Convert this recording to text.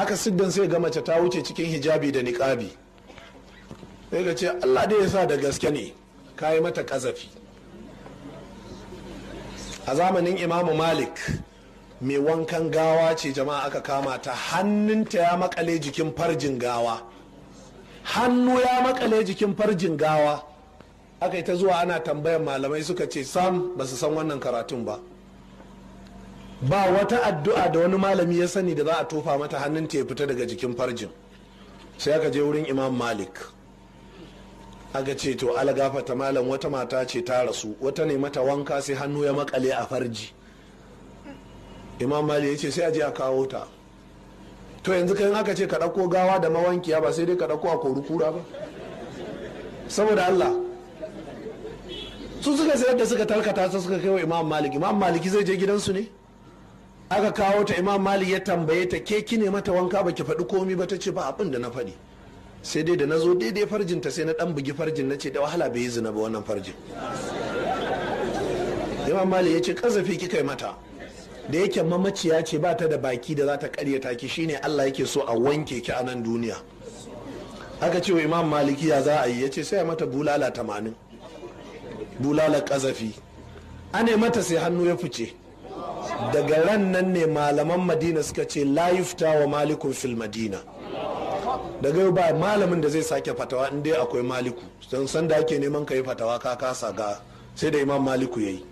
haka siddan sai ga mace ta wuce cikin hijabi da niƙabi sai ga ce allah da ya sa da gaske ne ka yi mata ƙazafi a zamanin imamu malik mai wankan gawa ce jama'a aka kama ta hannunta ya makale jikin farjin gawa hannu ya makale jikin farjin gawa aka yi ta zuwa ana tambayan malamai suka ce sam ba su san wannan karatun ba ba wata addu'a da wani malami ya sani da za a tofa mata hannun ta ya fita daga jikin farjin sai aka je wurin imam malik aka ce to algafata malam wata mata ce ta rasu wata ne mata wanka sai hannu ya makale a farji imam malik ya ce sai a je a kawo ta to yanzu kayan aka ce ka ɗauko gawa da mawankiya ba sai dai ka ɗauko a kori kura ba saboda allah su suka sayar da suka talkata su suka kai wa imam Malik, imam maliki zai je gidansu ne aka kawo ta imam malik ya tambaye ta ke kine mata wanka ba ki faɗi komi ba ta ce ba abin da na faɗi sai dai da na zo daidai ta sai na ɗan bugi farjin na ce da wahala bai yi zina ba wannan farjin imam malik ya ce ƙazafi kika yi mata da yake mamaciya ce ba ta da baki da za ta karyata ki shine Allah yake so a wanke ki a nan duniya aka ce wa imam maliki ya za a yi ya ce sai mata bulala tamanin bulala kazafi ane mata sai hannu ya fice daga ran nan ne malaman madina suka ce layifta wa malikun fil madina daga yau ba malamin da zai sake fatawa in dai akwai maliku don sanda ake neman ka yi fatawa ka kasa ga sai da imam maliku ya yi